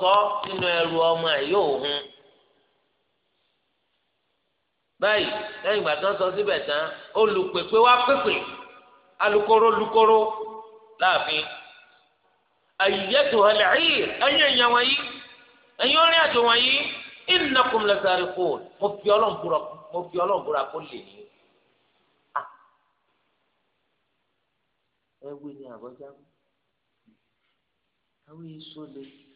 sọ sínú ẹrù ọmọ ẹ̀ yóò hun báyìí lẹ́yìn ìgbà tó ń sọ síbẹ̀ tán olùpèpè wá pèpè alukoro lukoro láàfin ayyatu al-'ir ẹ̀yin èèyàn wọ̀nyí ẹ̀yin orin àjò wọ̀nyí innakum lasariqun mo fi ọlọ́run búra kó lè ní. Ah. ẹ wí ni àbọ̀já wí àwọn èso lè fi.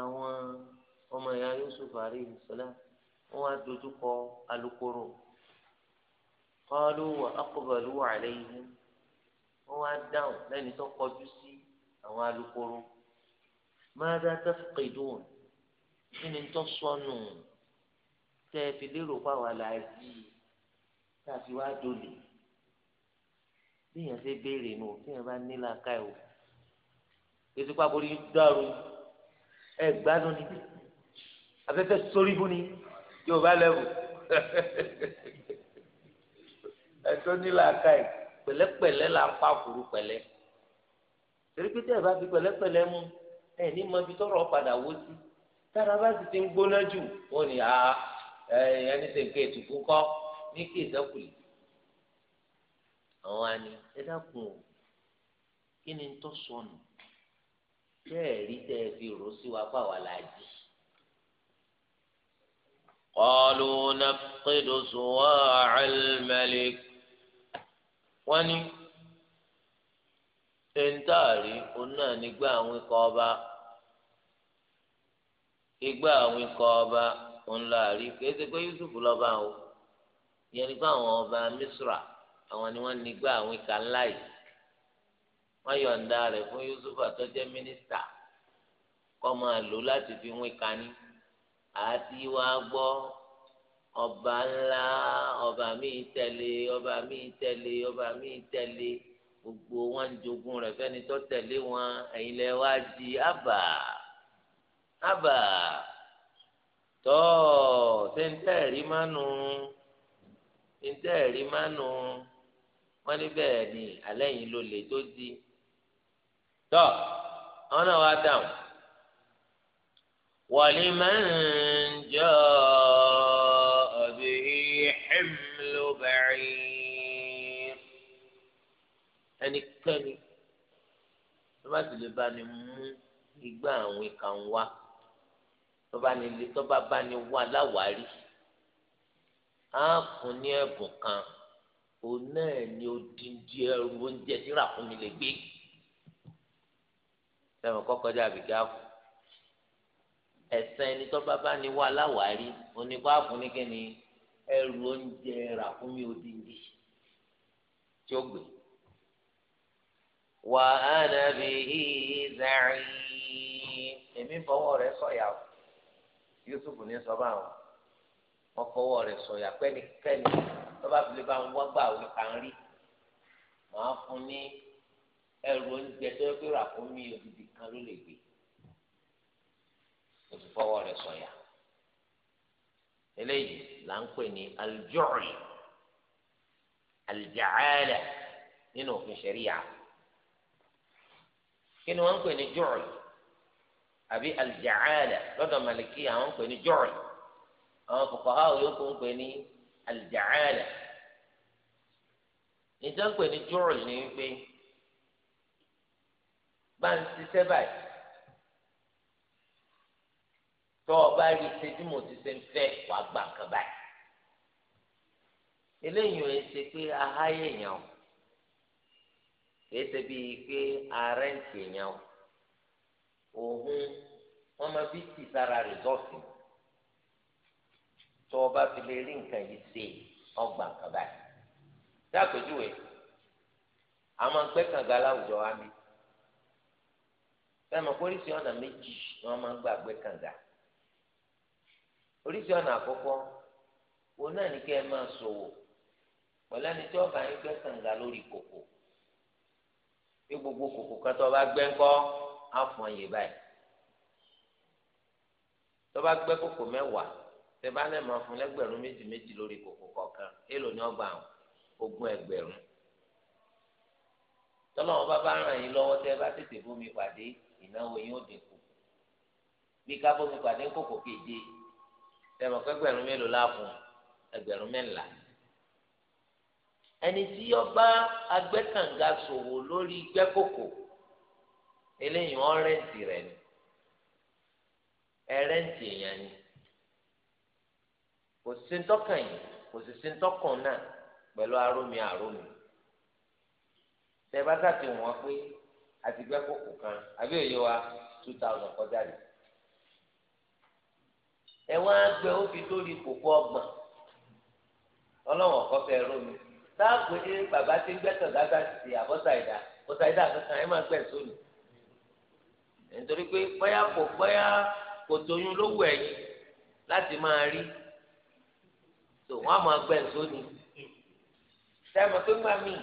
àwọn ọmọ ìyá Yusuf alayhi salam wọn wá dojú kọ alukoro qalu wa aqbalu alayhim wọn wá dáhùn lẹ́ni tó kọjú sí àwọn alukoro madha tafqidun kí ni tó sọnù tẹ́ fi lérò pa wà láàyè tá wá dolè bí yẹn ṣe béèrè nù tí yẹn bá nílà ká ètò ìpàbọ̀lì dàrú ẹ gbádùn ni afẹ́fẹ́ sórí bú ni yóò bá lẹ́wù ẹ̀tọ́ nílà ká ẹ̀ pẹ̀lẹ́pẹ̀lẹ́ là ń pa kúrú pẹ̀lẹ́ torí pé tẹ́ ẹ bá fi pẹ̀lẹ́pẹ̀lẹ́ mú ẹ ní mọ ibi tọrọ padà wó sí tára bá sì ti ń gbóná jù wọn ni ah, ẹni tẹ̀ ń ké ètùkú kọ́ ní kí ìsẹ́kùlì àwọn àni ẹ dákun kí ni tó sọnù bẹ́ẹ̀ rí tẹ́ ẹ fi rò sí wa pa wà láàjì. قالوا نفقد صواع الملك wọ́n ní tẹ́ńtàrí òun náà nígbà àwọn ikọ̀ ọba igbá àwọn ikọ̀ ọba òun láàrí kéde pé Yusuf lọ́ba o ìyẹn nígbà àwọn ọba Misra àwọn ni wọ́n nígbà àwọn ìka ńlá yìí wọ́n yọ̀ǹda rẹ̀ fún Yusufa tó jẹ́ mínísítà kọ́ máa lò láti fi wín kaní àti wá gbọ́ ọba ńlá ọba míì tẹ̀lé ọba míì tẹ̀lé ọba míì tẹ̀lé gbogbo wọn ń jogún rẹ̀ fẹ́ni tó tẹ̀lé wọn ẹ̀yin lẹ wá di àbà àbà tọ ṣé ń tẹ ẹrí mánu ń tẹ ẹrí mánu wọn ní ni alẹ́ yìí ló lè tó di tọ́ àwọn náà wá dáhùn wàlí máa ń jọ ọ̀bì himlu ba'ir ẹnikẹ́ni tó bá sì lè bá ní mú igbá àwọn kan wá tó bá ní lè tó bá bá ní wá láwárí á fún ní ẹ̀bùn kan òun náà ni odindi ẹrù oúnjẹ tí ràkúnmí lè gbé sẹ́wọ̀n kọ́kọ́jà àbígáfù ẹ̀sẹ̀ ẹni tó bá bá ní wà láwàárí onígbàfù ní kíni ẹrù oúnjẹ rà fún mi odindi tí ó gbé wà á nàbí ìzàrí èmi fọwọ́ rẹ̀ sọ̀yà Yusuf ní sọ wọn wọn fọwọ́ rẹ̀ sọ̀yà pẹ́nikẹ́ni tó bá fi lè bá wọn gbà wọn kàn rí màá fún ní ẹrù oúnjẹ tó yẹ kó rà fún mi òdìdí kan ló lè gbé kò sì fọwọ́ rẹ̀ sọ̀yà eléyìí là ń pè ní aljọ́ọ̀lì aljaala nínú òfin ṣẹ̀ríyà kí ni wọ́n ń pè ní jọ́ọ̀lì àbí aljaala lọ́dọ̀ màlìkí àwọn ń pè ní jọ́ọ̀lì àwọn fuqaha yòókù ń pè ní aljaala nítorí pè ní jọ́ọ̀lì ni wípé. bá ń ṣiṣẹ́ báyìí tó o bá rí ṣe bí mo ti ṣe ń fẹ́ wàá gbà kan báyìí eléyìí ò ṣe pé aháyé èèyàn kìí ṣe bíi pé arẹ́ǹtì èèyàn òun wọ́n máa fi tì sára rìsọ́ọ̀tì tó o bá fi lè rí nǹkan yìí ṣe fẹ́ẹ́ mọ̀ pé oríṣi ọ̀nà méjì ni wọ́n máa ń gbàgbé kànga oríṣi ọ̀nà àkọ́kọ́ wo náà ní kẹ́ ẹ máa ṣòwò pẹ̀lú ẹni tí ọba yín gbẹ́ kànga lórí kòkò bí gbogbo kòkò kan tó bá gbẹ́ ńkọ́ á fọn yé báyìí tó bá gbẹ́ kòkò mẹ́wàá tẹ bá lẹ́ máa fún lẹ́gbẹ̀rún méjì méjì lórí kòkò kọ̀ọ̀kan èèlò ni ọgbà ogún ẹgbẹ̀rún tọ́lọ́wọ́n bá bá ràn yín lọ́wọ́ tẹ bá tètè bómi pàdé ìnáwó yín ó dínkù bí kábọ́mi pàdé kòkò kéde ẹ̀rọ kẹgbẹ̀rún mélòó láàfún ẹgbẹ̀rún mẹ́ńlá ẹni tí ọba agbẹ́kànga ṣòwò lórí gbẹ́kòkò eléyìí wọ́n rẹ́ǹtì rẹ̀ ni ẹ rẹ́ǹtì èèyàn ni kò sí ntọ́kàn yìí kò sì sí ntọ́kàn náà pẹ̀lú arómi arómi tẹ bá sàtì wọ́n pé àti gbẹ́kòkò kan àbí òye wa two thousand kọjá lè. ẹ wá gbẹ ó fi lórí kòkó ọgbọ̀n ọlọ́wọ̀n kọ́ fẹ́ rómi táàpù ní bàbá tí ń gbẹ́tọ̀ dágbà sí àbọ̀sà ìdá bọ̀sà ìdá kankan ẹ máa gbẹ̀ sóni. nítorí pé bóyá kò bóyá kò tóyún ló wù ẹ̀yìn láti máa rí tó wọ́n á máa gbẹ̀ sóni. sẹ́mi pé gbà míì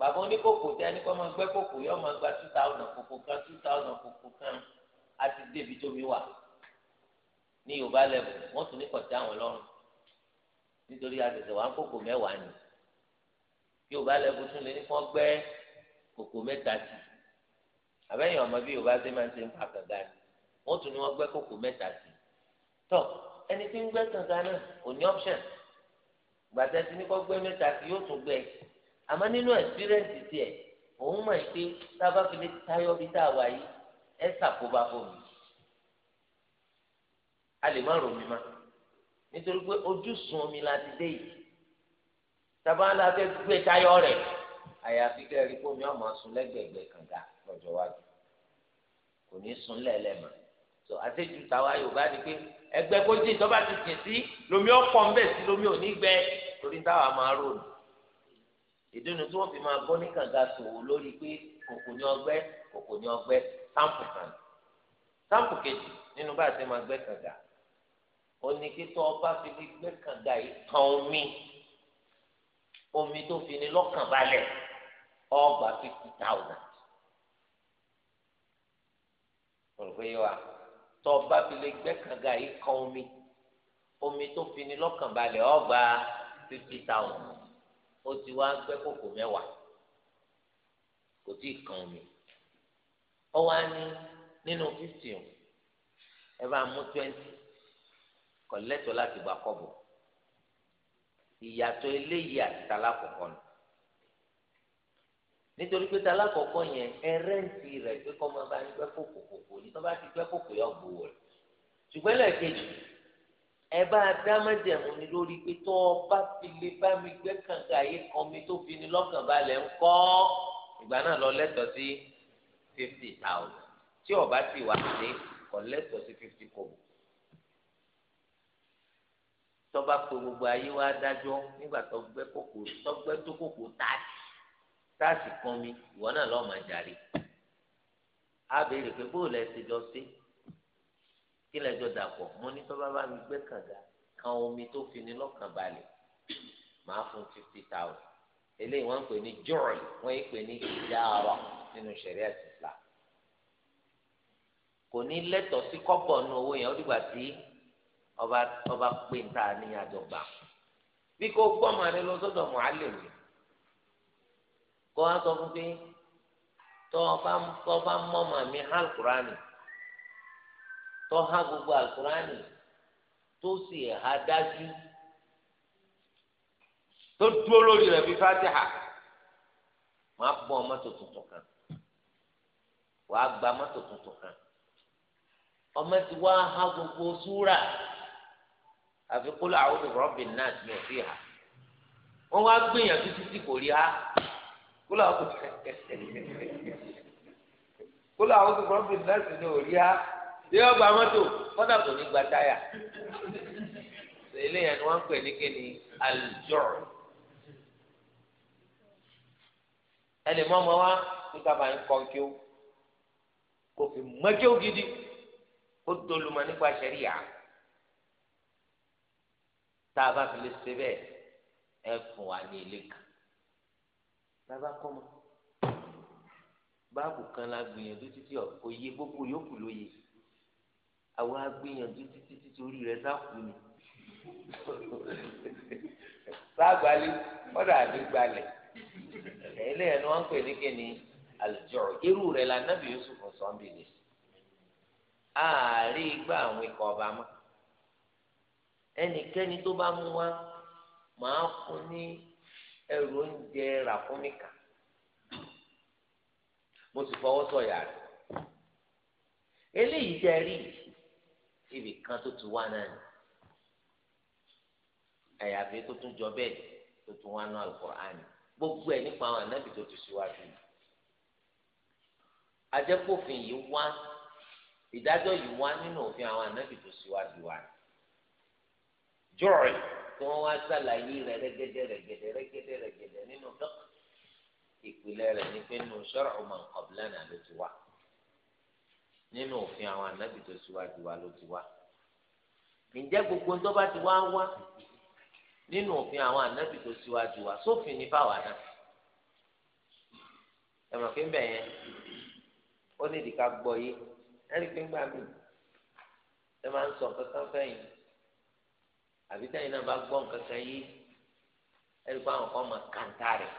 bàbá oníkókò tí ẹni kọ́ máa gbẹ́ kókò yọ máa gba two thousand kókò kan two thousand kókò kan àti débi tómi wà ní yorùbá lẹ́bù wọ́n tún ní kọ̀tí àwọn lọ́rùn nítorí àtẹ̀tẹ̀ wà ń kókò mẹ́wàá ni yorùbá lẹ́bù tún lè ní kọ́ gbẹ́ kókò mẹ́ta sí àbẹ́yìn ọmọ bí yorùbá ṣe máa ń ṣe ń fa kànga ni wọ́n tún ní wọ́n gbẹ́ kókò mẹ́ta sí tọ́ ẹni tí ń gbẹ́ kànga náà kò ní option gbàtẹ́ ti ní kọ́ gbẹ́ mẹ́ta sí yóò tún gbẹ́ àmọ́ nínú ẹ̀sírẹ́ǹsì tiẹ̀ òun mọ̀ pé sábà fi lè tayọ bí tá a wà yìí ẹ ṣàkóbá fún mi a lè má rò mí má nítorí pé ojúsùn omi la ti dé yìí sábà la fẹ́ gbé tayọ rẹ̀ àyàfi kẹ́rì kó mi ọmọ sùn lẹ́gbẹ̀gbẹ̀ kànga lọ́jọ́ wájú kò ní sùn lẹ́lẹ́mọ̀ tó àtẹ́jú tàwa yorùbá ni pé ẹgbẹ́ kó jìn tó bá ti jìn sí lomi ọ̀pọ̀ ń bẹ̀ sí lomi ò ní gbẹ torí táwa máa rò nù ìdúnnù tí wọ́n fi máa gbọ́ ní kànga sòwò lórí pé kòkò ní ọgbẹ́ kòkò ní ọgbẹ́ sáǹpù kan sáǹpù kejì nínú bá a ti máa gbẹ́ kànga ó ní kí tó ọba fi fi gbẹ́ kànga yìí kan omi omi tó fi ní lọ́kàn balẹ̀ ọgbà fifty thousand olùkọ́ yìí wa tó ọba fi lè gbẹ́ kànga yìí kan omi omi tó fi ní lọ́kàn balẹ̀ ọgbà fifty thousand ó ti wá gbẹ́ kòkò mẹ́wàá kò tí ì kan omi ó wá ní nínú fifty o ẹ bá mú twenty kò lẹ́tọ̀ọ́ láti gba kọ́bọ̀ ìyàtọ̀ eléyìí àti talákọ̀ọ́kọ́ nù nítorí pé talákọ̀ọ́kọ́ yẹn ẹ rẹ́ǹtì rẹ̀ pé kọ́ máa bá ń gbẹ́ kòkò ní tó bá ti gbẹ́ kòkò yọ gbowó ṣùgbọ́n lẹ́ẹ̀kejì ẹ bá a dá májẹ̀mú ni lórí pé tó o bá fi lè bá mi gbẹ́ kànga yìí kan mi tó fi ni lọ́kàn balẹ̀ ń kọ́ ìgbà náà lọ lẹ́tọ̀ọ́ sí fifty thousand tí o bá ti wà ní kọ́ lẹ́tọ̀ọ́ sí fifty kobo tọ́ba pé gbogbo ayé wa dájọ́ nígbà tó gbẹ́ kókó tó gbẹ́ tó kókó táàsì táàsì kan mi ìwọ náà lọ́ọ́ máa jàre á béèrè pé bóòlù ẹ ti jọ sí kí lẹ́jọ́ dàpọ̀ mo ní tọ́ba bá mi gbé kànga kan omi tó fi ni lọ́kàn balẹ̀ màá fún fifty thousand eléyìí wọ́n ń pè ní jọ́ọ̀lì wọ́n ń pè ní ìdáàrọ̀ nínú ṣẹ̀ríà ìsìlá kò ní lẹ́tọ̀ọ́ sí kọ́bọ̀ nínú owó yẹn ó dìgbà tí ọba ọba pè ń ta ní àjọgbà bí kò gbọ́mọ rẹ lọ sọ́dọ̀ mùálìmù kó wá sọ fún pé tọ́ ọba mọ́mọ́ mi hàn kúránì tó há gbogbo alukurani tó sì há dájú tó dúró lórí rẹ̀ bí fatiha wàá bọ́ mọ́tò tuntun kan wàá gba mọ́tò tuntun kan ọmọ ti wá há gbogbo súrà àfi kó làwọn olùrọ̀bì náà ti yàn sí ha wọ́n wá gbìyànjú títí kò rí ha kó làwọn olùrọ̀bì náà ti yàn sí ha ṣé ọgbà mọ́tò kọ́dà tó ní gba táyà eléyà ni wọ́n ń pè ní kíni aljọ́r ẹnì mọ́mọ́ wa tó sábà ń kọ́ kí ó kò fi mọ́kí ó gidi ó dolùmọ̀ nípa ṣẹ̀ríyà tá a bá fi lè ṣe bẹ́ẹ̀ ẹ fún wa ní ilé kan bàbá kọ́ mọ́ báàbù kan la gbìyànjú títí ọ̀ òye gbogbo yòókù lóye àwa gbìyànjú títí títí orí rẹ̀ sáàkú ni sáàgbálẹ̀ ọ̀dà àdégbálẹ̀ ẹ̀lẹ́ ẹ̀ ni wọ́n ń pè ní kíni àlùjọ irú rẹ̀ la nábì Yusuf sọ́ńbìlì ààrẹ igbá àwọn ikọ̀ ọba mọ́ ẹnikẹ́ni tó bá mú wa màá fún ní ẹrù oúnjẹ rà mo sì fọwọ́ sọ̀yà rẹ̀ eléyìí jẹ́ rí i ibì kan tó ti wá náà ni àyàfi tó tún jọ bẹ́ẹ̀ tó tún wá náà Al-Qur'ani gbogbo ẹ̀ nípa àwọn ànábì tó ti síwájú yìí ajẹ́pòfin yìí wá ìdájọ́ yìí wá nínú òfin àwọn ànábì tó síwájú wa jọ́ọ̀rì tí wọ́n wá sàlàyé rẹ̀ rẹ́gẹ́dẹ́ rẹ́gẹ́dẹ́ rẹ́gẹ́dẹ́ rẹ́gẹ́dẹ́ nínú dọ́kítà ìpìlẹ̀ rẹ̀ ní pé nù shar'u man qablana ló ti wá nínú òfin àwọn ànábì tó síwájú wa ló ti wá ǹjẹ́ gbogbo ń tó bá ti wá wá nínú òfin àwọn ànábì tó síwájú wa sófin ní báwa náà ẹ̀mọ̀ pé ń bẹ̀ yẹn ó ní ìdíkà gbọ́ yé ẹ̀rí pé ń gbà mí ẹ máa ń sọ kankan fẹ́yìn àbí tẹ́yìn náà bá gbọ́ nǹkan kan yé ẹ̀rí pé àwọn kan máa kàńtà rẹ̀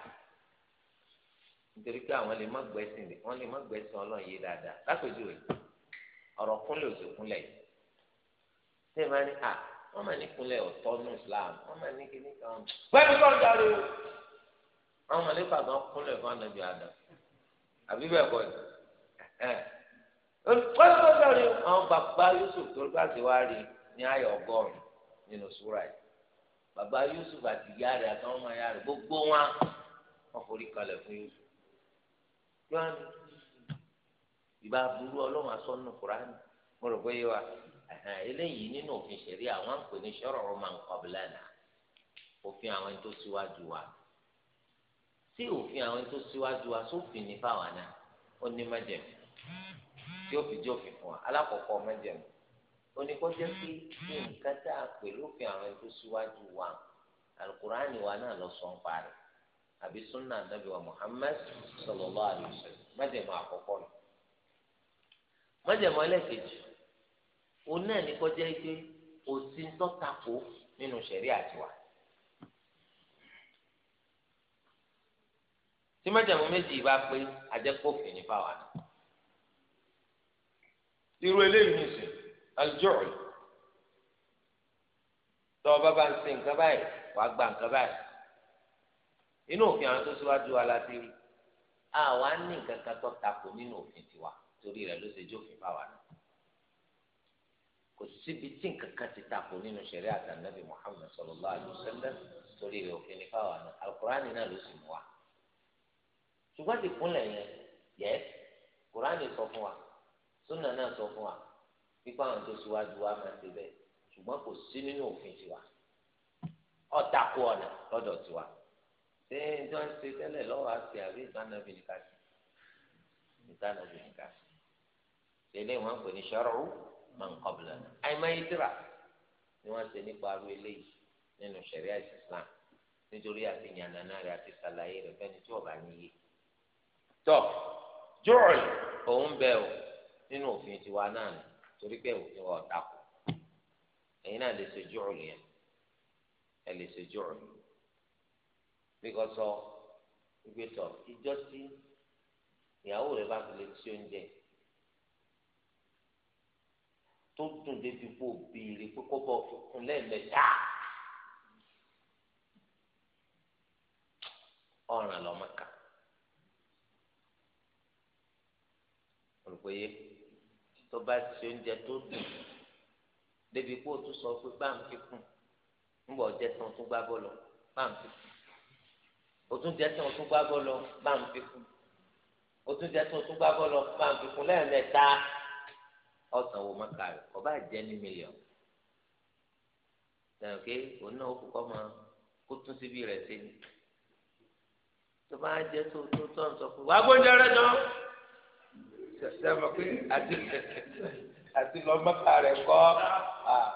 nítorí pé àwọn lè má gbẹ́sìn lè wọ́n lè má gbẹ́sìn ọlọ́run yé dáadáa lápèjú rẹ̀ ọ̀rọ̀ kúnlẹ̀ òṣèkúnlẹ̀ yìí ṣé máa ní à wọ́n máa ní kúnlẹ̀ ọ̀tọ̀ ní Islam wọ́n máa ní kíní kan bẹ́ẹ̀ni kọ́ jáde o àwọn mọ̀lẹ́fà gan kúnlẹ̀ fún anabi ada àbí bẹ́ẹ̀ kọ́ ẹ̀ bẹ́ẹ̀ni kọ́ jáde o àwọn bàbá Yusuf tó bá ti wá rí ní ayọ̀ ọgọ́rùn-ún Yusuf àti ìyá rẹ̀ àtàwọn ọmọ ìyá rẹ̀ gbogbo yóò hàn ìbá burú ọlọ́run asọ́nù kúránì mo rò pé yíwa eléyìí nínú òfin ṣẹ̀rí àwọn ń pè ní sọ̀rọ̀ ọmọ nǹkan ọ̀bìlànà òfin àwọn tó síwájú wa tí òfin àwọn tó síwájú wa sófin ní fáwọn náà ó ní májẹ̀mú tí ó fi jẹ́ òfin fún wa alákọ̀ọ́kọ́ májẹ̀mú ó ní kó jẹ́ pé nǹkan tá a pè lófin àwọn tó síwájú wa alukurani wa náà lọ sọ ń parí àbí sunna anabi wa muhammed sallallahu alaihi wasallam májèmọ àkọ́kọ́ ni májèmọ ẹlẹ́kejì òun náà ní kọjá ike òsì ń tọ́tako nínú sẹ̀rí àtiwá. tí májèmọ méjì bá pé àjẹpọ̀fìn ní báwa ni. irú eléyìí nìsín aljọ́ọ̀lù tọ́ bá bá ń sin nǹkan báyìí wàá gba nǹkan báyìí inú òfin àwọn tó síwájú wa láti rí àwa ní nǹkan kan tó takò nínú òfin tiwa torí rẹ̀ ló ṣe jófin báwa náà kò síbi tí nǹkan kan ti takò nínú ṣẹ̀rí'à àtànàbì Muhammad sallallahu alaihi wasallam torí rẹ̀ òfin ní fáwa náà alukurani náà ló sì mú wa ṣùgbọ́n ti kúnlẹ̀ yẹn yẹ kurani sọ fún wa sunna náà sọ fún wa pípa àwọn tó síwájú wa máa ti bẹ́ẹ̀ ṣùgbọ́n kò sí nínú òfin tiwa ó takò ọ̀nà lọ́dọ̀ tiwa ṣé ìjọ ń ṣe tẹ́lẹ̀ lọ́wọ́ àti àbí ìtànàbì nìkan ṣe ìtànàbì nìkan ṣe tẹ́lẹ̀ wọ́n pè ní shar'u man qablana àìmáyé tíra ni wọ́n ṣe nípa aró eléyìí nínú ṣẹ̀ríà Islam nítorí àti yànnàná rẹ̀ àti sàlàyé rẹ̀ fẹ́ni tí ọba níye tọ jọọlì òun bẹ o nínú òfin tiwa náà torí pé òfin wa ọ̀tá kù ẹ̀yin náà lè ṣe jọọlì yẹn ẹ lè ṣe jọọlì bíkọ sọ ìgbé tọ ìjọ tí ìyàwó rẹ bá fi lè tí oúnjẹ tó dùn débi kó béèrè pé kó bọ fún lẹ́ẹ̀mẹ́ta ọ̀ràn lọ́mọ kà olùkóyè tó bá ti oúnjẹ tó dùn débi kó o tún sọ pé báà ń fi kún ń bọ̀ tán tún gbá bọ́ lọ báà ń fi kún òtún jẹ tí wọn tún gbá bọ́ọ̀lù bá ń fi kún òtún jẹ tí gbá bọ́ọ̀lù bá ń fi kún lẹ́ẹ̀mẹ́ta ọ̀sán wo máa kàrí ọba jẹ́ ní mílíọ̀nù lẹ́yìn pé òun náà kú kọ́ máa kó tún síbi rẹ̀ sí ni tó bá jẹ́ tó tó tó ń sọ fún wa gbọ́njẹ rẹ jọ sẹ́mi àti àti lọ mọ́kà rẹ̀ kọ́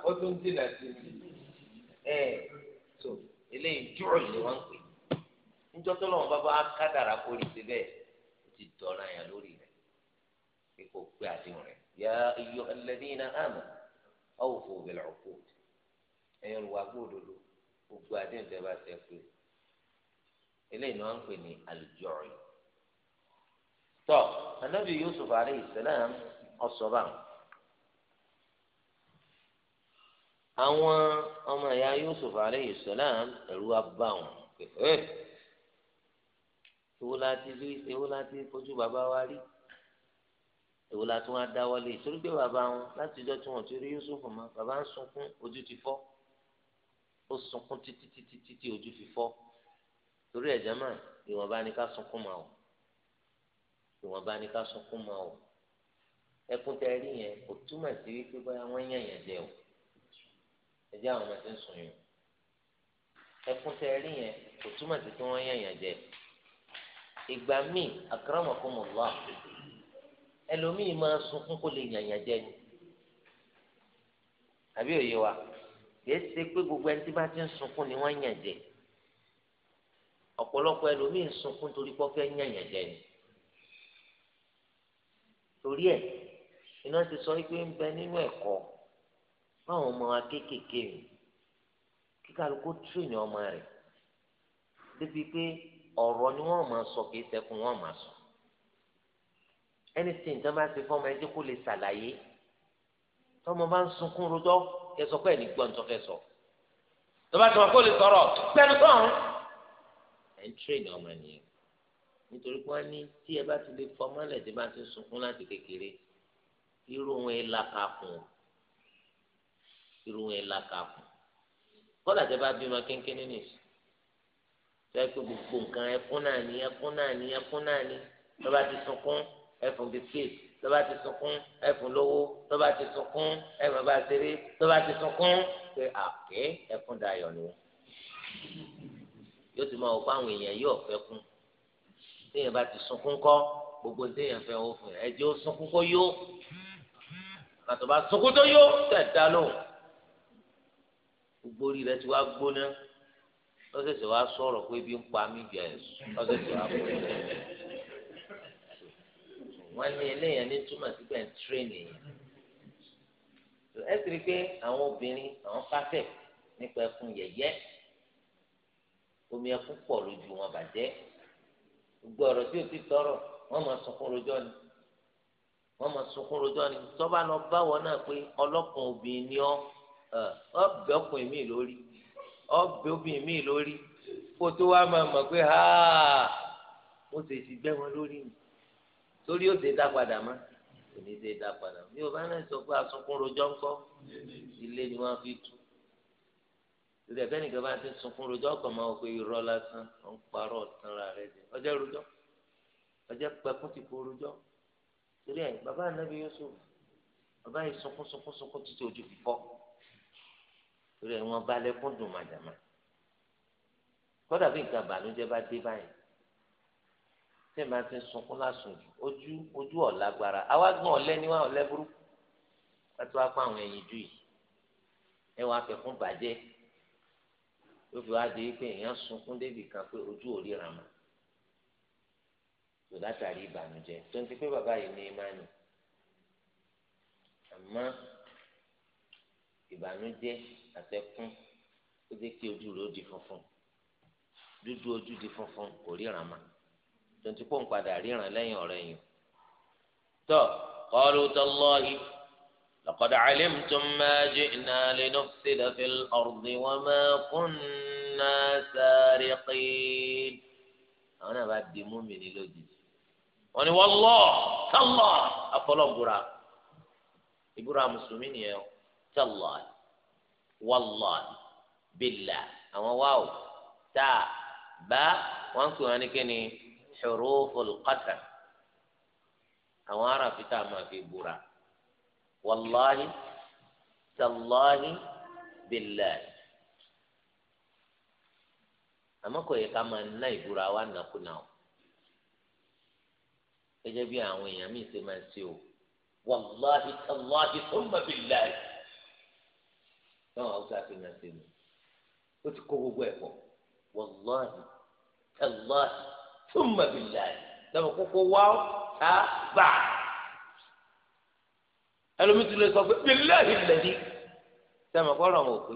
ó tún jìnà sí i ẹ̀ tó eléyìí jùrù ni wọ́n ń pè níjọ́ tó lọ́wọ́ bàbá akádàrà kó rí síbẹ̀ ó ti dọ̀ra yẹn lórí rẹ̀ pé kò pé àdéhùn rẹ̀ yá ayyuhal ladhina amanu awfu bil uqud ẹ̀yọ́ lùwà gbóòdodo gbogbo àdéhùn tẹ́ bá tẹ́ pé eléyìí ni wọ́n ń pè ní al tọ́ anábì Yusuf alayhi salam ọ̀sọ́bà àwọn ọmọ ìyá Yusuf alayhi salam ẹ̀rú abáwọn pé èwo la ti rí èwo la ti fojú bàbá wa rí èwo la tún wá dáwọ́lé torí pé bàbá wọn láti ìjọ tí wọn ti rí Yusuf mọ́ bàbá ń sunkún ojú ti fọ́ ó sunkún títí títí títí ojú fi fọ́ torí ẹ̀jẹ̀ mà ìwọ̀nba ni ká sunkún mà ọ́ ìwọ̀nba ni ká sunkún mà ọ́ ẹkún tẹ rí yẹn kò túmọ̀ sí wípé báyà wọ́n yàn yàn jẹ o ẹ̀jẹ̀ àwọn ọmọ ti ń sùn yìí ẹkún tẹ rí yẹn kò túmọ̀ sí pé wọ́n yàn yàn jẹ o ìgbà míì akramakumullah ẹlòmíì máa sunkún kó lè yànyàn jẹ ni àbí òye wa kìí ṣe pé gbogbo ẹni tí bá ti ń sunkún ni wọ́n yàn jẹ ọ̀pọ̀lọpọ̀ ẹlòmíì ń sunkún torí pé ọfẹ́ yànyàn jẹ ni torí ẹ̀ iná ti sọ pé ń bẹ nínú ẹ̀kọ́ báwọn ọmọ wa kéékèèké mi kíkàlùkù tún ní ọmọ rẹ̀ débi pé ọ̀rọ̀ ni wọ́n máa sọ kì í sẹ́kùn wọ́n máa sọ anything tó bá ti fọ́ ọmọ ẹjẹ́ kó lè ṣàlàyé tọmọ bá ń sunkún rojọ́ kẹ sọ pé ẹni gbọ́n tó fẹ́ sọ tó bá ti wọn kó lè sọ̀rọ̀ pẹ́ẹ́nu tán ẹ̀ ń tírèèdì ọmọ nìyẹn nítorí pé wọ́n ní tí ẹ bá ti lè fọ́ ọmọlẹ̀ tí bá ti sunkún láti kékeré irú wọn ẹ̀ làkàkùn irú wọn ẹ̀ làkàkùn kọ́dà tẹ bá bímọ kínkín nínú sọ́yà pé gbogbo nǹkan ẹkún náà ní ẹkún náà ní ẹkún náà ní lọ́ba ti sunkún ẹfun bisikíìtì lọ́ba ti sunkún ẹfun lówó lọ́ba ti sunkún ẹfun bá ṣeré lọ́ba ti sunkún pé àké ẹkún dayọ̀ ni wọ́n. yóò ti máa wọ pé àwọn èèyàn yóò fẹ́ kún téèyàn bá ti sunkún kọ́ gbogbo téèyàn fẹ́ wọ́n fún ẹ jẹ́ ó sunkún kó yó kàtó bá sunkún tó yó tẹ̀ dá lóhùn gbogbo orí rẹ ti wá gbóná lọ́sẹ̀sẹ̀ wá sọ̀rọ̀ pé bí ń pa mí jẹ ẹ̀sùn lọ́sẹ̀sẹ̀ wá pọ̀ jẹ wọ́n ní eléyàn ní túmọ̀ sí pé ń tírèènì yẹn ẹ sì rí pé àwọn obìnrin àwọn pàṣẹ nípa ẹkún yẹyẹ omi ẹkún pọ̀ lójú wọn bàjẹ́ gbogbo ọ̀rọ̀ tí o ti tọrọ wọ́n máa sunkún rojọ́ ni wọ́n máa sunkún rojọ́ ni tọ́ba lọ báwọ̀ náà pé ọlọ́kùnrin obìnrin ni ọ́ ọ̀bẹ̀ọkùnrin mi lórí ọbẹ̀ obìnrin mi lórí kó tó wá máa mọ̀ pé ha mo sì ti gbẹ́ wọn lórí mi torí ó ti dá padà mọ́ kò ní ti dá padà mi ò bá náà sọ pé asunkún rojọ́ ńkọ́ ilé ni wọ́n fi tú torí ẹ̀fẹ́ nìkan bá ti sunkún rojọ́ ọkọ̀ máa wọ pé irọ́ lásán ó ń parọ́ ọ̀tanra rẹ̀ jẹ ọjọ́ rojọ́ ọjọ́ pẹ̀kún ti kó rojọ́ torí ẹ̀ bàbá ànábi Yusuf bàbá yìí sunkún sunkún sunkún títí ojú fífọ́ torí ẹ̀ wọ́n bá lẹ́kún dùn màjàmá kódà bí nǹkan ìbànújẹ́ bá dé báyìí tẹ́ẹ̀ máa ti sunkún lásùn ojú ojú ọ̀lágbára àwa gbọ́n ọ̀lẹ́ ni wá ọ̀lẹ́ burúkú láti wá pa àwọn ẹ̀yìn jù yìí ẹ wàá fẹ́ fún bàjẹ́ ló fi wá di pé èèyàn sunkún débì kan pé ojú ò ríran mọ́ tò látàrí ìbànújẹ́ tó ń ti pé bàbá yìí ní imáni àmọ́ ìbànújẹ́ àtẹkùn ó jẹ́ kí ojú rẹ̀ ó di funfun dúdú ojú di funfun kò ríran mà tuntun kó ń padà ríran lẹ́yìn ọ̀rẹ́ yìí tó qalu tallahi laqad alimtum ma ji'na linufsida fil ardi wa ma kunna sariqin àwọn náà bá di múmìnì lójijì wọ́n ní wallahi tallahi afọlọ́gbùra ìbúra mùsùlùmí nìyẹn tallahi wallahi billah àwọn wáwò tá bá wọn pè wọn ní kíni huruful qasam àwọn aráàfin tá a máa fi búra wallahi tallahi billahi àmọ́ kò yẹ ká máa ná ìbúra wa nàkúnà o gẹ́gẹ́ bí àwọn èèyàn míì ṣe máa ṣe o wallahi tallahi thumma billahi báwọn haúsá ti máa ṣe nù ó ti kó gbogbo ẹ̀ pọ̀ wàláhì tàláhì thumma billahi lọ́mọ kókó wá tá a bá ẹlòmíì ti lè sọ pé bíláì lẹ́ni sẹ́mi kọ́ ọ̀rọ̀ mọ̀ pé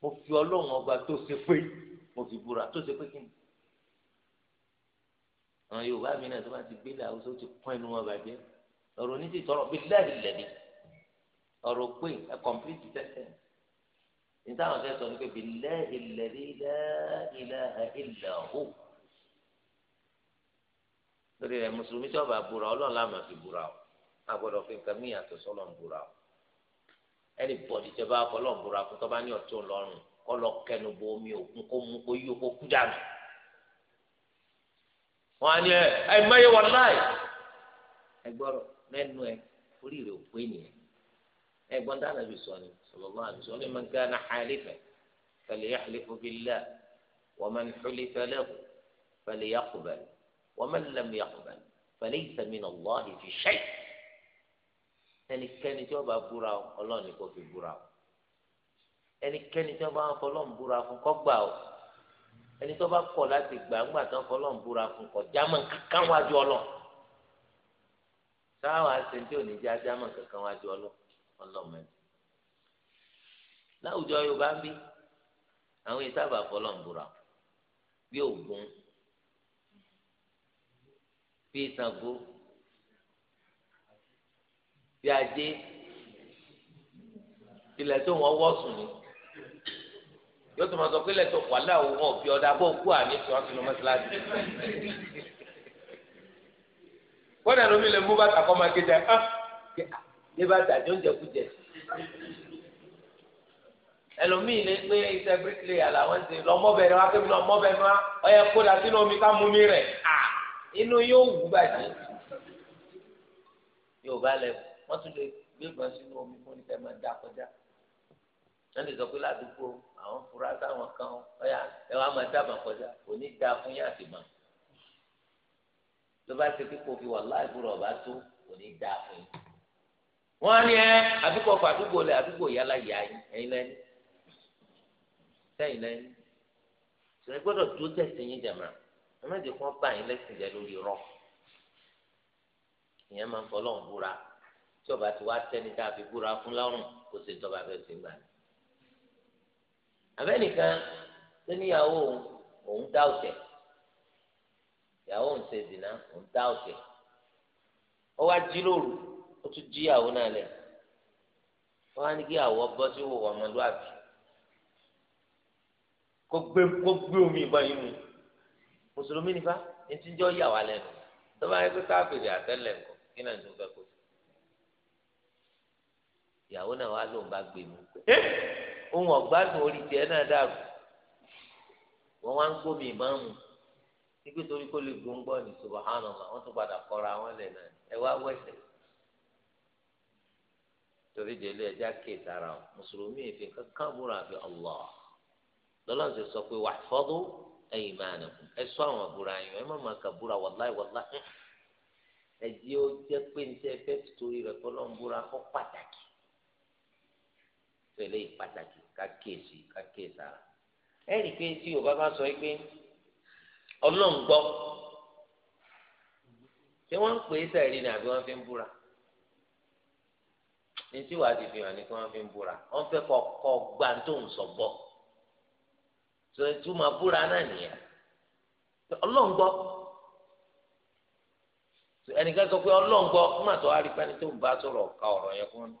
mo fi ọlọ́run ọba tó ṣe pé mo fi búra tó ṣe pé kí ni àwọn yorùbá mi náà tó bá ti gbélé àwùjọ ti pọ́n ẹnu wọn bàjẹ́ ọ̀rọ̀ oníṣètò ọ̀rọ̀ bíláì lẹ́ni ọ̀rọ̀ pé ẹ̀ complete sentence nítawọn fẹẹ sọ ní pé billahi alladhi la ilaha illa hu lórí rẹ mùsùlùmí tí wọn bá búra Ọlọ́run la máa fi búra o agbọ́dọ̀ fi nǹkan mí yàtọ̀ sọlọ ń búra o ẹnì bọdì tí wọn bá fọlọ ń búra fún tọba ní ọtún lọ́rùn kọlọ kẹnu bo omi òkun kó mú kó yí kó kú dànù wọn á ní ẹ ẹ mẹyẹ wọn láì ẹ gbọ́dọ̀ lẹ́nu ẹ orí rẹ ò pé nìyẹn ẹ gbọ́n dáná bí sọ ni sallallahu alaihi wasallam man kana halifan falyahlif billah wa man hulifa lahu falyaqbal wa man lam yaqbal falaysa min Allahi fi shay' ẹnikẹ́ni tí wọ́n bá búra Ọlọ́run ni kó fi búra o ẹnikẹ́ni tí wọ́n bá fọlọ́n búra fún kó gbà o ẹni tó bá kọ̀ láti gbà ńgbà tó fọlọ́n búra fún kó jámọ̀ kankan wájú ọlọ́ sáwọn àṣẹ tí ò ní já jámọ̀ kankan wájú ọlọ́ ọlọ́mọdé láwùjọ yorùbá ń bí àwọn yìí sábà fọlọ́ ń búra bí ògún bí ìsàngó bí ajé ilẹ̀ tó wọ́n wọ́ sùn ni yóò tó máa sọ pé ilẹ̀ tó wà láwùjọ wọn ò fi ọ̀dà bó kú àní tí wọ́n ti lọ mọ́sálásí kọ́nà lómi lè mú bàtà kọ́ máa gé jẹ ẹ́ ah, ẹ́ ah, bàtà jọ ń jẹ kú jẹ ẹlòmíì lè pé iṣẹ́ bíríkìlìyà làwọn ṣe lọmọbẹ ni wọn kébí lọmọbẹ ni wọn ọyẹ kó la sínú omi ká mú mi rẹ à inú yóò wù bàjẹ́ yóò bá lẹ wọn tún lè gbé gbọn sínú omi fún nípa ẹmọ dá kọjá wọn lè sọ pé ládùúgbò àwọn fura sáwọn kan ọyà ẹ wàá máa dábà kọjá òní dáa fún yín àti mọ tó bá ṣe pé kò fi wà láì fúra ọba tó òní dáa fún yín wọn á ẹ àdúgbò fàdúgbò lẹ àdúgbò yálà yá yín ẹyin lẹni sẹ́yìn lẹ́yìn sọ̀rọ̀ gbọ́dọ̀ dúró tẹ̀sí yín jàmá ẹ má jẹ́ kí wọ́n bá yín lẹ́sìn jẹ́ lórí rọ ìyẹn máa ń fọlọ́ ń búra tí ọba ti wá tẹ́ni tá a fi búra fún lọ́rùn kó ṣe tọ́ba fẹ́ sí gbà. àbẹ́nìkan tó níyàwó òun dá òtẹ̀ ìyàwó òun ṣe dìná òun dá òtẹ̀ ó wá jí ó tún jí náà lẹ̀ wọ́n á ní kí àwọ̀ bọ́ sí wò ọmọlúwàbí kó gbé kó gbé omi ìbọn yìí mu mùsùlùmí nípa etí jọ yà wá lẹ́nu tó bá yẹ kó káfíìrì àtẹlẹ nǹkan kí náà tó fẹ́ kó ìyàwó náà wà lóun bá gbé mu pé ohun ọ̀gbádùn orí tiẹ̀ náà dàrú wọ́n wá ń gbómi ìbọn mu nígbè torí kó lè gbóngbọ́ ní subahánàlá wọ́n tún padà kọ́ra wọn lẹ̀ náà ẹ wá wẹ̀sẹ̀ torí délé ẹja kéèta ara mùsùlùmí ìfẹ́ kankan múra fi Allah lọ́lọ́run ti sọ pé wahfadhu aymanakum ẹ sọ àwọn àbúrò ayọ̀ ẹ má máa kà búra wàláì wàláì ẹ jẹ́ ó jẹ́ pé níṣẹ́ fẹ́ torí rẹ̀ kọ́ lọ́n búra kọ́ pàtàkì tẹ̀lé pàtàkì kákèsì kákèsì ara ẹ rí i pé tí Yorùbá bá sọ pé Ọlọ́run gbọ́ ṣé wọ́n ń pè é sẹ́ẹ̀rí ni àbí wọ́n fi ń búra ní tí wàá ti fi hàn ní kí wọ́n fi ń búra wọ́n fẹ́ kọ́ gbà tó ń sọ bọ́ọ̀ tó ìtumọ̀ búra náà nìyẹn ọlọ́run gbọ́ ẹnìkan sọ pé ọlọ́run gbọ́ fún àtọ́ arípẹ́ni tó ń bá sọ̀rọ̀ ọ̀ka ọ̀rọ̀ yẹn fún mi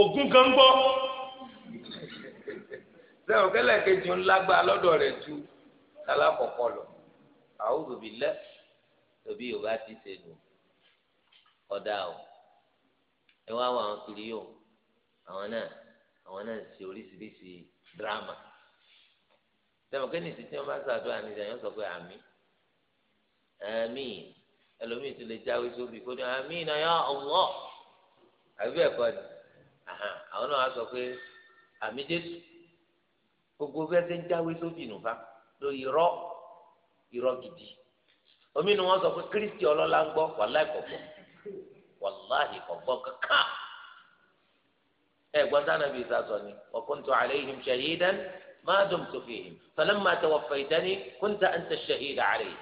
ògún kan gbọ́ sẹ́wọ̀n kẹ́lẹ́ kejì ń lágbá lọ́dọ̀ rẹ̀ ju alákọ̀ọ́kọ́ lọ àwọn òbí lẹ́ òbí yorùbá ti ṣe nù ọ̀dà o ẹ wá wọ àwọn kiri yóò àwọn náà àwọn náà ṣe oríṣiríṣi dírámà sẹ́wọ̀n kí ni ìsìn tí wọ́n bá ṣàdúrà ní ìdáyọ̀ sọ pé àmín àmín ẹlòmíì tún lè jáwé sóbì kó ní àmín náà yọ ọ̀wọ́ àbí ẹ̀kọ́ ni àwọn náà wá sọ pé àmín Jésù gbogbo bẹ́ẹ̀ ṣe ń jáwé sóbì nù bá lórí irọ́ irọ́ gidi omi ni wọ́n sọ pé Kristi ọlọ́lá ń gbọ́ wàláì kọ̀ọ̀kọ̀ wàláì kọ̀ọ̀kọ̀ kankan ẹ̀ gbọ́n bíi sàṣọ ni ọ̀kúntù àlẹ́ yìí ń ṣe yìí dání. ما دمت فيهم فلما توفيتني كنت أنت الشهيد عليه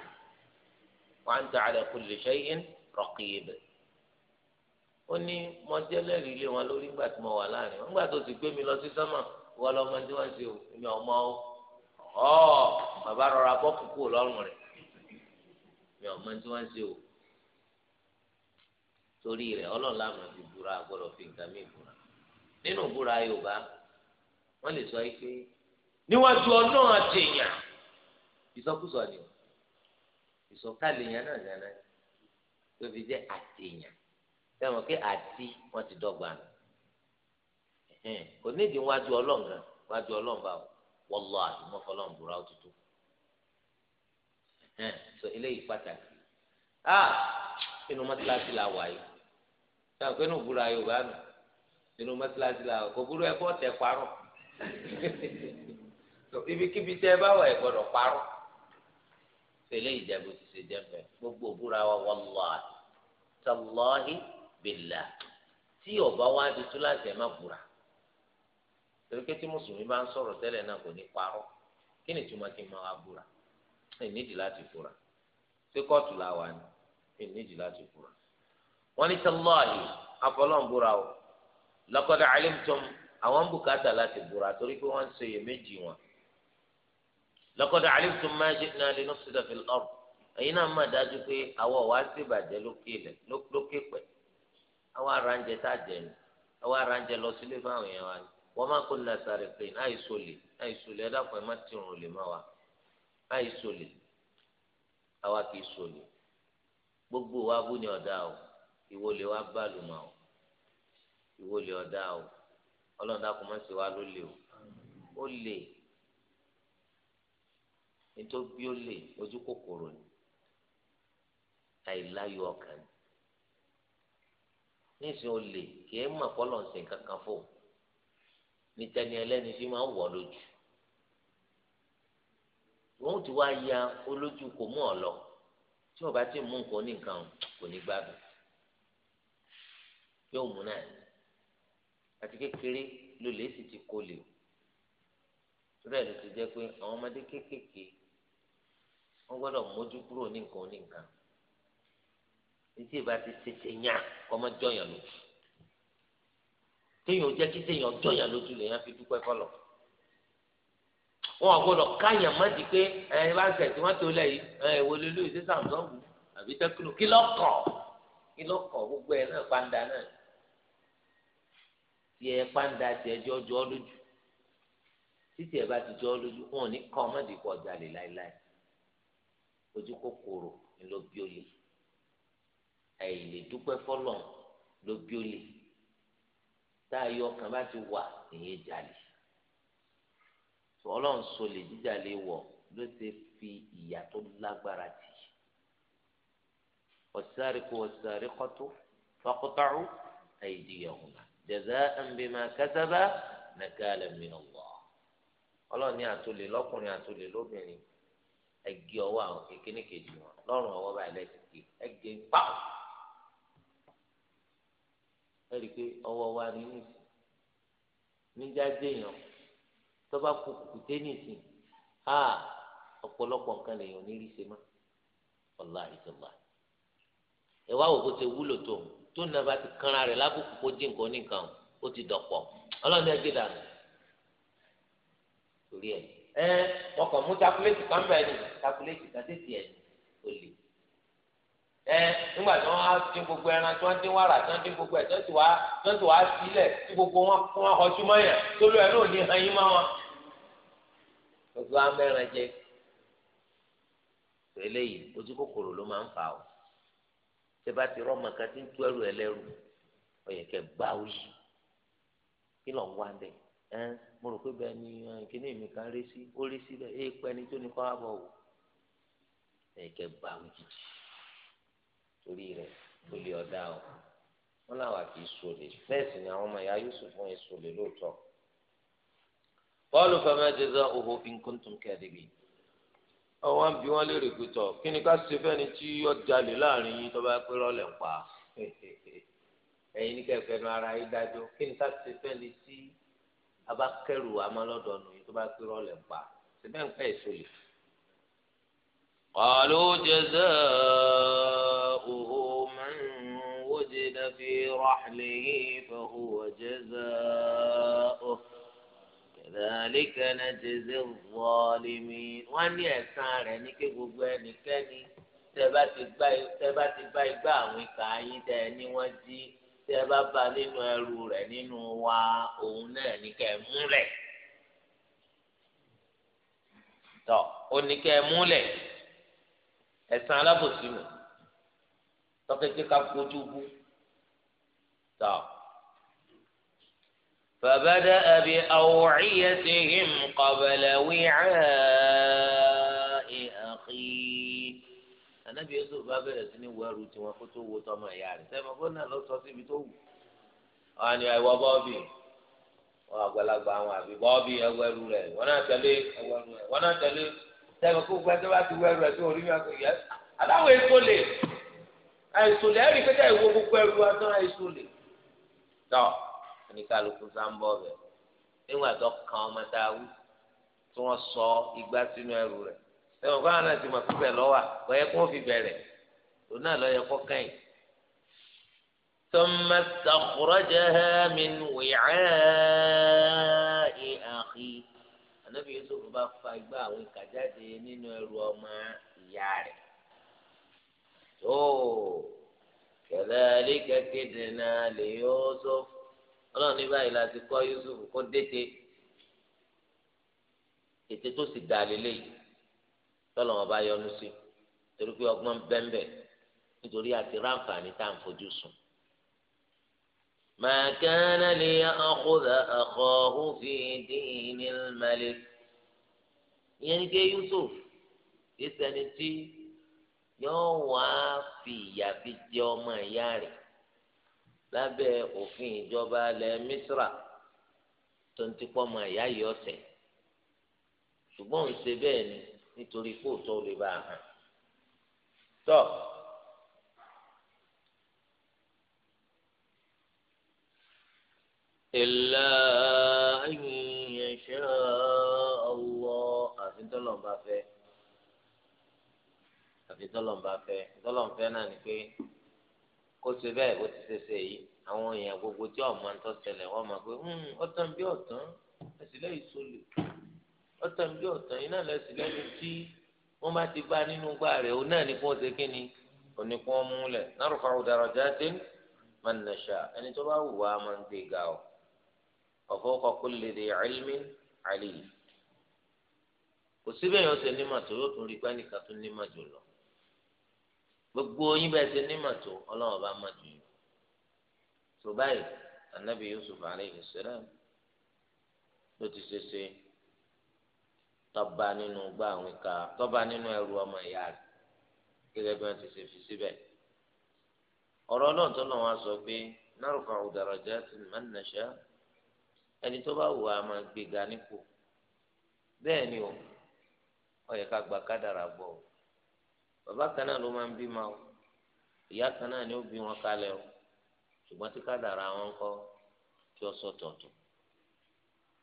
وأنت على كل شيء رقيب ó ní mo jẹ́ lẹ́rìí ilé wọn lórí ńgbà tí mo wà láàrin wọn ńgbà tó ti gbé mi lọ sí sánmà wọn lọ ọmọ tí wọn ṣe o èmi ọmọ o ọ bàbá rọra bọ́ kúkú lọ́rùn rẹ̀ èmi ọmọ tí wọn ṣe o torí rẹ̀ ọlọ́run láwọn ti búra gbọ́dọ̀ fi nǹkan mi búra nínú búra yorùbá wọ́n lè sọ pé níwájú ọdún àti èèyàn ìsọkúsọ ni o ìsọkalẹ̀ èèyàn náà yàrá tó fi jẹ́ àti èèyàn sẹ́wọ̀n pé àti wọ́n ti dọ́gba nù kò nídìí wájú ọlọ́ǹgàn wájú ọlọ́ǹbà wọ́lọ́ àdìmọ́fọ́lọ́ǹ òtútù so eléyìí pàtàkì ah inú mọ́tíláṣí la wà yìí sẹ́wọ̀n pé inú búra Yorùbá nù inú mọ́tíláṣí la wà kò búrú ẹ bọ́ tẹ parọ́. tó ibikíbi tẹ ẹ bá wà ẹ gbọ́dọ̀ parọ́ tẹ́lẹ̀ ìjẹbù ti ṣe jẹfẹ gbogbo òbúra wa wàlláhi tàlláhi bìlà tí ọba wa di tú láti ẹ má búra torí pé tí mùsùlùmí bá ń sọ̀rọ̀ tẹ́lẹ̀ náà kò ní parọ́ kí ni túmọ̀ kí n máa wá ẹ nídìí láti búra ṣé kóòtù la wà ní ẹ nídìí láti búra wọn ní tàlláhi afọlọ́nbúra o laqad alimtum àwọn bùkátà láti búra torí pé wọ́n ń ṣe iyèméjì wọn laqad alimtum ma ji'na linufsida fil ard ẹ̀yin náà má dájú pé àwa wá sí ìbàjẹ́ lókè lẹ̀ lókè pẹ̀ àwa ara ń jẹ tá a jẹ ni àwa ara ń jẹ lọ sílé fáwọn èèyàn wa ni wọ́n má kunna sariqin àìsòlè àìsòlè ẹ dákun ẹ má ti rùn lè má wa àìsòlè àwa kì í sòlè gbogbo wa bú ni ọ̀dà o ìwọ lè wa bá lùmọ̀ o ìwọ lè ọ̀dà o ọlọ́run dákun má ṣe wa lólè o ó lè nítorí bí ó lè ojú kòkòrò ni àìláyọ̀ ọkàn ni nísìnyí ó lè kí ẹ mọ̀ kọ́lọ̀ ń sìn kankan fò ní tẹni ẹlẹ́ni fi máa ń wọ̀ lójú òun ti wá ya olójú kò mú ọ lọ tí wọn bá ti mú nǹkan oníkan kò ní gbádùn yóò mú náà àti kékeré ló lè sì ti kó lè rẹ ló ti jẹ pé àwọn ọmọdé kéékèèké wọ́n gbọ́dọ̀ mójú kúrò ní nǹkan oníkan títí ìbá ti tètè yàn kọ́mọ jọyàn lójú téèyàn jẹ́ kí téèyàn jọyàn lójú lèèyàn fi dúpẹ́ fọlọ́ wọn gbọ́dọ̀ káyàn má di pé ẹ bá ń sẹ̀ tí wọ́n tó lẹ̀ yìí ẹ wo lulú yìí sí samsung àbí tẹkínú kí lọ́kọ̀ kí lọ́kọ̀ gbogbo ẹ̀ náà pàǹdà náà tiẹ̀ pàǹdà tiẹ̀ jọjọ́ lójú títí ẹ̀ bá ti jọ́ lójú wọn ò ní kọ́ ọmọdé pọ̀ jalè láéláé ojú kòkòrò ló bí ó lè àìlè dúpẹ́ fọlọ́ ló bí ó lè tá a yọ ọkàn bá ti wà nìyẹn jalè ọlọ́run sọ lè jíjalè wọ̀ ló ṣe fi ìyà tó lágbára tì ọ̀sáríkò ọ̀sáríkọ́tò faqta'u aydiyahuma jaza'an bima kasaba nakalan min Allah ọlọ́run ní àtòlè lọ́kùnrin àtòlè lóbìnrin ẹgẹ ọwọ́ àwọn kékeré kejì wọn lọ́rùn ọwọ́ báyìí lẹsìkì ẹgẹ pàù ẹ rí i pé ọwọ́ wa rí nìsí níjà déèyàn tọba kùkùkù dé nìsí a ọ̀pọ̀lọpọ̀ nǹkan lèèyàn nírí ṣe má ọlá ìjọba ẹ wá wò bó ṣe wúlò tó tó nàbà ti kanra rẹ̀ lábùkù kó dín nǹkan oníkan ó ti dọ̀pọ̀ ọlọ́run ẹgbẹ́ dànù torí ẹ̀ ẹ wọn kàn mú takuléètì kan bẹ́ẹ̀ ni takuléètì kan tètè ẹ̀ ò lè ẹ nígbà tí wọn á dín gbogbo ẹran tí wọn dín wàrà tí wọn dín gbogbo ẹ tí wọn ti wá tí wọn ti wá tí gbogbo wọn kún wọn ọtún ẹ ní hàn yín wọn. gbogbo jẹ ojú kòkòrò ló máa ń fà tí ń tú ẹrù ẹlẹ́rù ẹ mo rò pé bẹ́ẹ̀ ni kíní mi kan rí sí ó rí síbẹ̀ ẹ pẹ́ ni tó ní kọ́ àbọ̀ wò ẹ kẹ́ bá wù jìjì torí rẹ̀ ó lè ọ̀dà o wọn làwọn kì í sọlẹ̀ bẹ́ẹ̀ sì ni àwọn ọmọ ìyá Yusuf wọn yìí sọlẹ̀ lóòótọ́ bọ́ọ̀lù fẹ́mẹ́ jẹ́sẹ́ òhò ìkùntùn kẹ́ẹ̀dẹ́gbì ọwọ́n bí wọ́n lè rèkútọ̀ kí ni ká ṣe fẹ́ni tí yọ jalè láàrin yín tó bá pé rọ́ọ̀lẹ̀ ń pa ẹ̀yin ní kẹfẹ́ nu ara yín dájọ́ kí ni ká ṣe fẹ́ni tí abakẹ́rù amálọ́dọ̀nù yìí tó bá pé rọ́ọ̀lẹ̀ pa síbẹ̀ ń pẹ́ èso lè. qalu jaza'uhu man wujida fi rahlihi fahuwa jaza'uhu kadhalika najzi az-zalimin. wọ́n ní ẹ̀san rẹ̀ ní kí gbogbo ẹnikẹ́ni tẹ́ bá ti gbá igbá àwọn ìka yín tẹ́ ẹ ní jí tẹ bá ba nínú ẹrù rẹ̀ nínú wa òun náà ní kẹ́ múlẹ̀ tọ oníkẹ́ múlẹ̀ ẹ̀sán alábòsí mu tọkẹtẹ ká gbójú bú tọ. فبدأ بأوعيتهم قبل وعاء ànábì yusuf bá bẹ̀rẹ̀ sí ní wọ́ọ̀rù tiwọn kó tó wo tọmọ ìyá rẹ̀ sẹ́mi ọgbọ́n náà lọ sọ síbi tó wù. wọ́n ní ẹ̀wọ́ bọ́ọ̀bì wọ́n àgbàlagbà àwọn àbí bọ́ọ̀bì ẹwẹ́rù rẹ̀ wọ́n náà tẹ̀lé ẹwẹ́rù rẹ̀ wọ́n náà tẹ̀lé sẹ́mi kó gbẹ́ tó bá ti wẹ́rù rẹ̀ tó orí mi àgbẹ̀ yẹ. aláwọ̀ èso lè àìsàn lè ẹ̀rí pẹ́tẹ́ ìwo gbogbo ẹrù adán àìsàn lè. tọ́ ní kálukú sáńbọ̀ bẹ̀ níwọ̀n àtọ́ kan ọmọ tá a wú tí wọ́n ẹ̀wọ̀n kọ́ àwọn àti màkú bẹ̀ lọ́wọ́ kọ́yẹ kó fi bẹ̀rẹ̀ tó náà lọ́yẹ kọ́ kẹ́yìn. ثم استخرجها من وعاء أخيه Ànábì Yusuf bá fa igbá àwọn ìka jáde nínú ẹrù ọmọ ìyá rẹ̀. tó كذلك كدنا ليوسف ọlọ́run ní báyìí láti kọ́ Yusuf kó dété ètè tó sì dà lélẹ́yìí tọ́lọ̀ wọn bá yọnu sí torí pé ọgbọ́n bẹ́ńbẹ́ nítorí àti ráǹfààní tá à ń fojú sùn. ما كان ليأخذ أخاه في دين الملك ìyẹn ni pé Yusuf ìsẹni tí yóò wá fi ìyà fi jẹ ọmọ ìyá rẹ̀ lábẹ́ òfin ìjọba ilẹ̀ Misra tó ń tipọ́ ọmọ ìyá yìí ọ̀sẹ̀ ṣùgbọ́n ń ṣe bẹ́ẹ̀ ni nítorí pé òótọ́ ò lè bá a hàn tọ́ ilà ìyẹnṣẹ́ ọwọ́ àfi tọ́lọ̀ ń bá fẹ́ àfi tọ́lọ̀ ń bá fẹ́ tọ́lọ̀ ń fẹ́ náà ni pé kó ṣe bẹ́ẹ̀ bó ti ṣe ṣe yìí àwọn èèyàn gbogbo tí ọ̀mọ́ ń tọ́ tẹ̀lé wọ́n máa pé hmm, ọ̀tàn bí ọ̀tàn ẹ̀sìn lẹ́yìn sólè ọ̀tàn bí ọ̀tàn iná lẹ́sìn lẹ́nu tí wọ́n bá ti bá nínú gbà rẹ̀ òun náà ní kó ṣe kí ni òní kó mú lẹ̀ narfa'u darajatin man nasha ẹni tó bá wù wá máa ń gbé ga ọ wa fawqa kulli dhi ilmin alim kò síbẹ̀ yẹn ọ̀sẹ̀ nímọ̀ tó yóò tún rí pẹ́ nìkan tún nímọ̀ jù lọ gbogbo yín bẹ́ẹ̀ ṣe nímọ̀ tó ọlọ́run bá mọ̀ jù yín tó báyìí anabi yusuf alayhi salam ló ti ṣe ṣe tọba nínú gbá àwọn ìka tọba nínú ẹrù ọmọ ìyá rẹ gẹ́gẹ́ bí wọn ti ṣe fi síbẹ̀ ọ̀rọ̀ náà tó náà wá sọ pé narfa'u darajatin man nasha ẹni tó bá wù á máa gbéga nípò bẹ́ẹ̀ ni o ó yẹ ká gba kádàrà gbọ́ o bàbá kan náà ló máa ń bí ma o ìyá kan náà ni ó bí wọn kalẹ̀ o ṣùgbọ́n tí kádàrà wọn kọ́ kí ọ sọ tọ̀tọ̀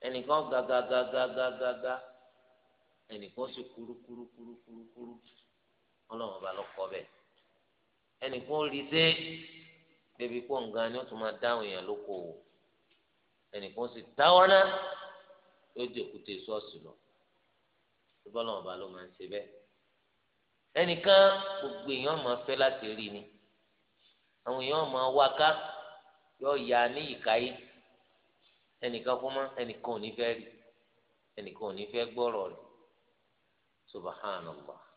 ẹnìkan gàgàgàgàgàgà ẹnìkan sì kúrú kúrú kúrú kúrú kúrú ọlọ́run ọba lọ kọ́ bẹ́ẹ̀ ẹnìkan rí dé débi pọ̀ nǹkan ni wọ́n tún máa dáhùn èèyàn lóko o ẹnìkan sì táwọn náà yóò di òkúta ṣọ́ọ̀ṣì lọ bọ́lá ọba ló máa ń ṣe bẹ́ẹ̀ ẹnìkan gbogbo èèyàn máa fẹ́ láti rí ni àwọn èèyàn máa wá ká yóò yá ní ìkáyé ẹnìkan kó mọ́ ẹnìkan ò ní fẹ́ rí ẹnìkan ò ní fẹ́ gbọ́rọ̀ rẹ̀ subhanallah